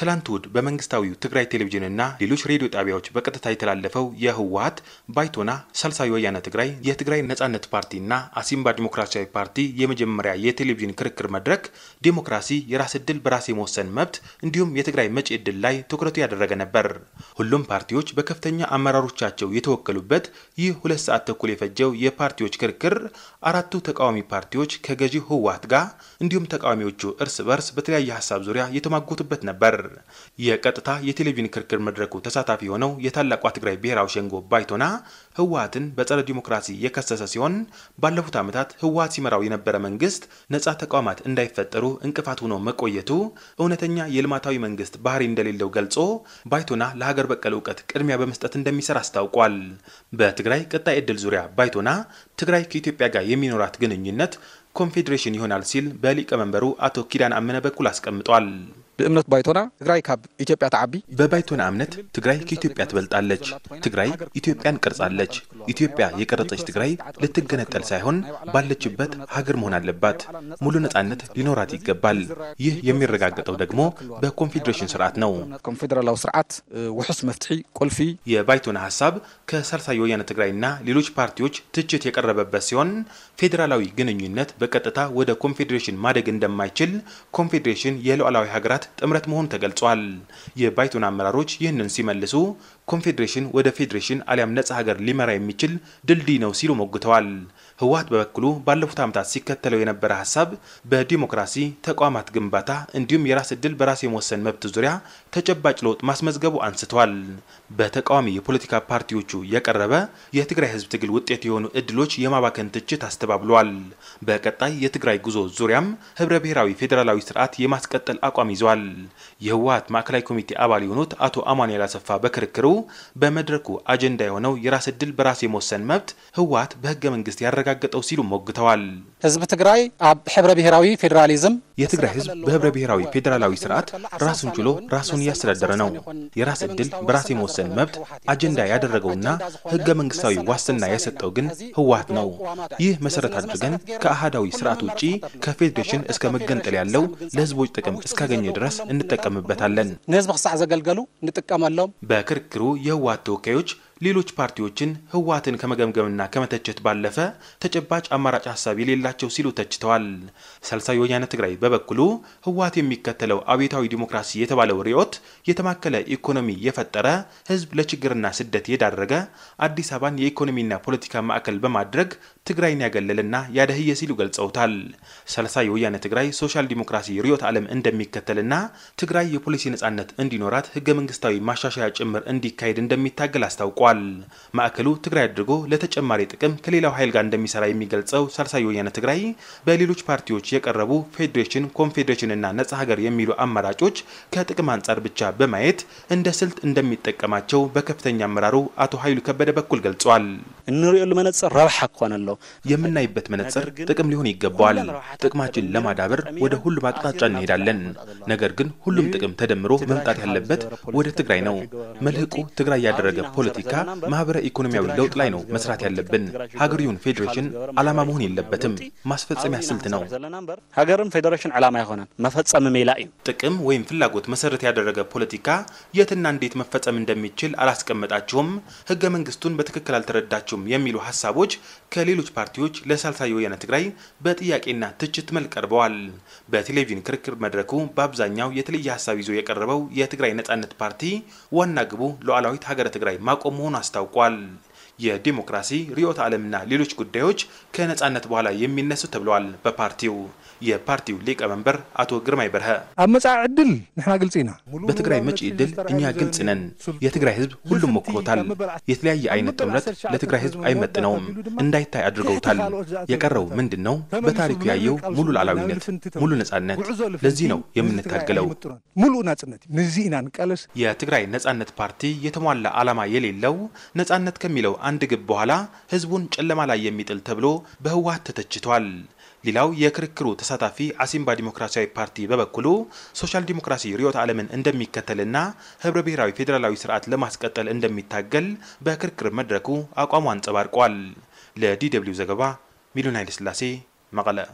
ትላንት እሁድ በመንግስታዊው ትግራይ ቴሌቪዥንና ሌሎች ሬዲዮ ጣቢያዎች በቀጥታ የተላለፈው የህወሀት ባይቶና ሳልሳዊ ወያነ ትግራይ የትግራይ ነጻነት ፓርቲና አሲምባ ዲሞክራሲያዊ ፓርቲ የመጀመሪያ የቴሌቪዥን ክርክር መድረክ ዲሞክራሲ፣ የራስ እድል በራስ የመወሰን መብት እንዲሁም የትግራይ መጪ እድል ላይ ትኩረቱ ያደረገ ነበር። ሁሉም ፓርቲዎች በከፍተኛ አመራሮቻቸው የተወከሉበት ይህ ሁለት ሰዓት ተኩል የፈጀው የፓርቲዎች ክርክር አራቱ ተቃዋሚ ፓርቲዎች ከገዢ ህወሀት ጋር እንዲሁም ተቃዋሚዎቹ እርስ በርስ በተለያየ ሀሳብ ዙሪያ የተሟጎቱበት ነበር። ነበር። የቀጥታ የቴሌቪዥን ክርክር መድረኩ ተሳታፊ የሆነው የታላቋ ትግራይ ብሔራዊ ሸንጎ ባይቶና ህወሀትን በጸረ ዲሞክራሲ የከሰሰ ሲሆን ባለፉት ዓመታት ህወሀት ሲመራው የነበረ መንግስት ነጻ ተቋማት እንዳይፈጠሩ እንቅፋት ሆኖ መቆየቱ እውነተኛ የልማታዊ መንግስት ባህሪ እንደሌለው ገልጾ ባይቶና ለሀገር በቀል እውቀት ቅድሚያ በመስጠት እንደሚሰራ አስታውቋል። በትግራይ ቀጣይ እድል ዙሪያ ባይቶና ትግራይ ከኢትዮጵያ ጋር የሚኖራት ግንኙነት ኮንፌዴሬሽን ይሆናል ሲል በሊቀመንበሩ አቶ ኪዳን አመነ በኩል አስቀምጧል። ብእምነት ባይቶና ትግራይ ካብ ኢትዮጵያ ተዓቢ በባይቶና እምነት ትግራይ ከኢትዮጵያ ትበልጣለች። ትግራይ ኢትዮጵያን ቀርጻለች። ኢትዮጵያ የቀረጸች ትግራይ ልትገነጠል ሳይሆን ባለችበት ሀገር መሆን አለባት። ሙሉ ነጻነት ሊኖራት ይገባል። ይህ የሚረጋገጠው ደግሞ በኮንፌዴሬሽን ስርዓት ነው። ኮንፌዴራላዊ ስርዓት ውሑስ መፍትሒ ቁልፊ የባይቶና ሀሳብ ከሳልሳይ ወያነ ትግራይና ሌሎች ፓርቲዎች ትችት የቀረበበት ሲሆን ፌዴራላዊ ግንኙነት በቀጥታ ወደ ኮንፌዴሬሽን ማደግ እንደማይችል ኮንፌዴሬሽን የሉዓላዊ ሀገራት አካላት ጥምረት መሆኑ ተገልጿል። የባይቶና አመራሮች ይህንን ሲመልሱ ኮንፌዴሬሽን ወደ ፌዴሬሽን አሊያም ነጻ ሀገር ሊመራ የሚችል ድልድይ ነው ሲሉ ሞግተዋል። ህወሀት በበኩሉ ባለፉት ዓመታት ሲከተለው የነበረ ሀሳብ በዲሞክራሲ ተቋማት ግንባታ እንዲሁም የራስ ዕድል በራስ የመወሰን መብት ዙሪያ ተጨባጭ ለውጥ ማስመዝገቡ አንስተዋል። በተቃዋሚ የፖለቲካ ፓርቲዎቹ የቀረበ የትግራይ ህዝብ ትግል ውጤት የሆኑ እድሎች የማባከን ትችት አስተባብሏል። በቀጣይ የትግራይ ጉዞ ዙሪያም ህብረ ብሔራዊ ፌዴራላዊ ስርዓት የማስቀጠል አቋም ይዘዋል። ተናግረዋል። የህወሀት ማዕከላዊ ኮሚቴ አባል የሆኑት አቶ አማኑኤል አሰፋ በክርክሩ በመድረኩ አጀንዳ የሆነው የራስ እድል በራስ የመወሰን መብት ህወሀት በህገ መንግስት ያረጋገጠው ሲሉ ሞግተዋል። ህዝብ ትግራይ አብ ሕብረ ብሔራዊ ፌዴራሊዝም የትግራይ ህዝብ በህብረ ብሔራዊ ፌዴራላዊ ስርዓት ራሱን ችሎ ራሱን እያስተዳደረ ነው። የራስ እድል በራስ የመወሰን መብት አጀንዳ ያደረገውና ህገ መንግስታዊ ዋስትና የሰጠው ግን ህወሀት ነው። ይህ መሰረት አድርገን ከአህዳዊ ስርዓት ውጪ ከፌዴሬሽን እስከ መገንጠል ያለው ለህዝቦች ጥቅም እስካገኘ ድረስ ድረስ እንጠቀምበታለን። ንህዝቢ ክሳዕ ዘገልገሉ እንጥቀመሎም። በክርክሩ የህወሓት ተወካዮች ሌሎች ፓርቲዎችን ህወሓትን ከመገምገምና ከመተቸት ባለፈ ተጨባጭ አማራጭ ሀሳብ የሌላቸው ሲሉ ተችተዋል። ሳልሳዊ ወያነ ትግራይ በበኩሉ ህወሓት የሚከተለው አብዮታዊ ዲሞክራሲ የተባለው ርዕዮት የተማከለ ኢኮኖሚ የፈጠረ ህዝብ ለችግርና ስደት የዳረገ አዲስ አበባን የኢኮኖሚና ፖለቲካ ማዕከል በማድረግ ትግራይን ያገለልና ያደህየ ሲሉ ገልጸውታል። ሳልሳዊ ወያነ ትግራይ ሶሻል ዲሞክራሲ ርዕዮተ ዓለም እንደሚከተልና ትግራይ የፖሊሲ ነጻነት እንዲኖራት ህገ መንግስታዊ ማሻሻያ ጭምር እንዲካሄድ እንደሚታገል አስታውቋል። አስታውቋል። ማዕከሉ ትግራይ አድርጎ ለተጨማሪ ጥቅም ከሌላው ኃይል ጋር እንደሚሰራ የሚገልጸው ሳልሳይ ወያነ ትግራይ በሌሎች ፓርቲዎች የቀረቡ ፌዴሬሽን፣ ኮንፌዴሬሽንና ነጻ ሀገር የሚሉ አማራጮች ከጥቅም አንጻር ብቻ በማየት እንደ ስልት እንደሚጠቀማቸው በከፍተኛ አመራሩ አቶ ኃይሉ ከበደ በኩል ገልጿል። እንሪኤሉ መነጽር ረብሓ ክኾነ ኣሎ የምናይበት መነጽር ጥቅም ሊሆን ይገባዋል። ጥቅማችን ለማዳበር ወደ ሁሉም አቅጣጫ እንሄዳለን። ነገር ግን ሁሉም ጥቅም ተደምሮ መምጣት ያለበት ወደ ትግራይ ነው። መልህቁ ትግራይ ያደረገ ፖለቲካ ፖለቲካ፣ ማህበረ ኢኮኖሚያዊ ለውጥ ላይ ነው መስራት ያለብን። ሀገሪውን ፌዴሬሽን አላማ መሆን የለበትም፣ ማስፈጸሚያ ስልት ነው። ሀገርም ፌዴሬሽን አላማ ይሆናል መፈጸም ሜላ እዩ ጥቅም ወይም ፍላጎት መሰረት ያደረገ ፖለቲካ የትና እንዴት መፈጸም እንደሚችል አላስቀመጣችሁም፣ ህገ መንግስቱን በትክክል አልተረዳችሁም የሚሉ ሀሳቦች ከሌሎች ፓርቲዎች ለሳልሳይ ወያነ ትግራይ በጥያቄና ትችት መልክ ቀርበዋል። በቴሌቪዥን ክርክር መድረኩ በአብዛኛው የተለየ ሀሳብ ይዞ የቀረበው የትግራይ ነጻነት ፓርቲ ዋና ግቡ ሉዓላዊት ሀገረ ትግራይ ማቆሙ hasta el cual የዲሞክራሲ ርዕዮተ ዓለምና ሌሎች ጉዳዮች ከነጻነት በኋላ የሚነሱ ተብለዋል። በፓርቲው የፓርቲው ሊቀመንበር አቶ ግርማይ በርሀ አመፃ ዕድል ንሕና ግልጽ ኢና በትግራይ መጪ ዕድል እኛ ግልጽ ነን። የትግራይ ህዝብ ሁሉም ሞክሮታል። የተለያየ አይነት ጥምረት ለትግራይ ህዝብ አይመጥነውም፣ እንዳይታይ አድርገውታል። የቀረው ምንድን ነው? በታሪኩ ያየው ሙሉ ሉዓላዊነት፣ ሙሉ ነጻነት። ለዚህ ነው የምንታገለው። ሙሉ ናጽነት ንዚ ኢና የትግራይ ነጻነት ፓርቲ የተሟላ ዓላማ የሌለው ነጻነት ከሚለው አንድ ግብ በኋላ ህዝቡን ጨለማ ላይ የሚጥል ተብሎ በህወሓት ተተችቷል። ሌላው የክርክሩ ተሳታፊ አሲምባ ዲሞክራሲያዊ ፓርቲ በበኩሉ ሶሻል ዲሞክራሲ ርዕዮተ ዓለምን እንደሚከተልና ህብረ ብሔራዊ ፌዴራላዊ ስርዓት ለማስቀጠል እንደሚታገል በክርክር መድረኩ አቋሙ አንጸባርቋል። ለዲ ደብልዩ ዘገባ ሚሊዮን ኃይለስላሴ መቀለ